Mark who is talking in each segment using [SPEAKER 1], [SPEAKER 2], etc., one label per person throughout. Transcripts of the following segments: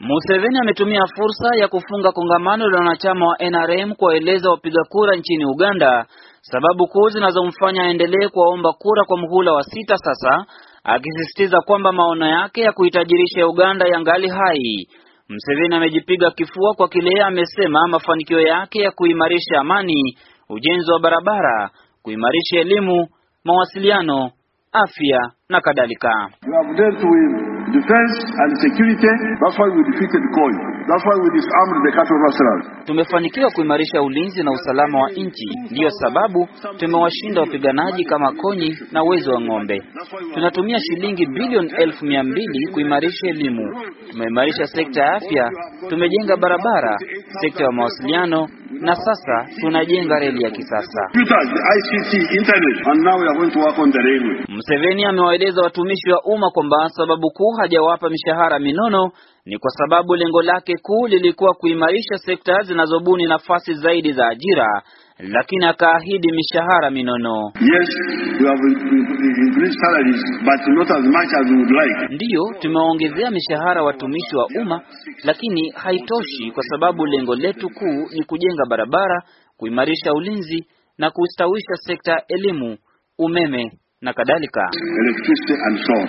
[SPEAKER 1] Museveni ametumia fursa ya kufunga kongamano la wanachama wa NRM kuwaeleza wapiga kura nchini Uganda sababu kuu zinazomfanya aendelee kuwaomba kura kwa muhula wa sita sasa, akisisitiza kwamba maono yake ya kuitajirisha Uganda yangali hai. Museveni amejipiga kifua kwa kile amesema mafanikio yake ya kuimarisha amani, ujenzi wa barabara, kuimarisha elimu, mawasiliano, afya na kadhalika defense and security. That's why we defeated COI. That's why we disarmed the cattle rustlers. Tumefanikiwa kuimarisha ulinzi na usalama wa nchi, ndiyo sababu tumewashinda wapiganaji kama Konyi na Wezi wa Ng'ombe. Tunatumia shilingi bilioni elfu mia mbili kuimarisha elimu. Tumeimarisha sekta ya afya, tumejenga barabara, sekta ya mawasiliano na sasa tunajenga reli ya kisasa. Museveni amewaeleza watumishi wa umma kwamba sababu kuu hajawapa mishahara minono ni kwa sababu lengo lake kuu lilikuwa kuimarisha sekta zinazobuni nafasi zaidi za ajira, lakini akaahidi mishahara minono. Yes, we have increased salaries but not as much as we would like. Ndiyo, tumewaongezea mishahara watumishi wa umma, lakini haitoshi kwa sababu lengo letu kuu ni kujenga barabara, kuimarisha ulinzi na kustawisha sekta ya elimu, umeme na kadhalika.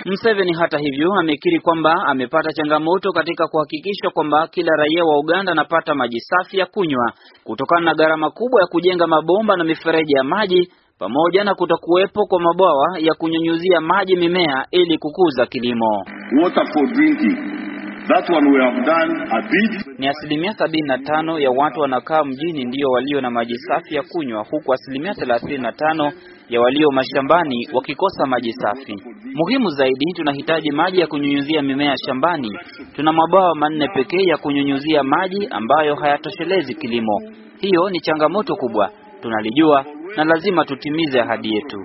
[SPEAKER 1] mseveni hata hivyo amekiri kwamba amepata changamoto katika kuhakikisha kwamba kila raia wa Uganda anapata maji safi ya kunywa kutokana na gharama kubwa ya kujenga mabomba na mifereji ya maji pamoja na kutokuwepo kwa mabwawa ya kunyunyuzia maji mimea ili kukuza kilimo. Water for drinking. That one we have done a bit. Ni asilimia sabini na tano ya watu wanakaa mjini ndiyo walio na maji safi ya kunywa, huku asilimia thelathini na tano ya walio mashambani wakikosa maji safi. Muhimu zaidi, tunahitaji maji ya kunyunyuzia mimea shambani. Tuna mabwawa manne pekee ya kunyunyuzia maji ambayo hayatoshelezi kilimo. Hiyo ni changamoto kubwa, tunalijua na lazima tutimize ahadi yetu.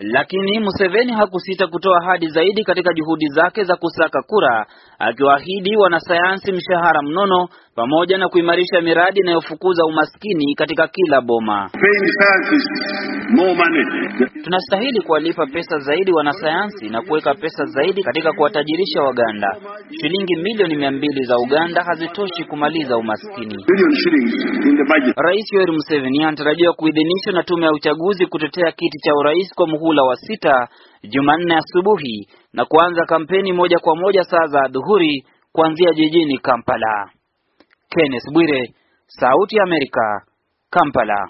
[SPEAKER 1] Lakini Museveni hakusita kutoa ahadi zaidi katika juhudi zake za kusaka kura, akiwaahidi wanasayansi mshahara mnono pamoja na kuimarisha miradi inayofukuza umaskini katika kila boma. Tunastahili kuwalipa pesa zaidi wanasayansi na kuweka pesa zaidi katika kuwatajirisha Waganda. Shilingi milioni mia mbili za Uganda hazitoshi kumaliza umaskini. Rais Yoweri Museveni anatarajiwa kuidhinishwa na tume ya uchaguzi kutetea kiti cha urais kwa muhula wa sita Jumanne asubuhi na kuanza kampeni moja kwa moja saa za adhuhuri kuanzia jijini Kampala. Kenneth Bwire, Sauti ya Amerika, Kampala.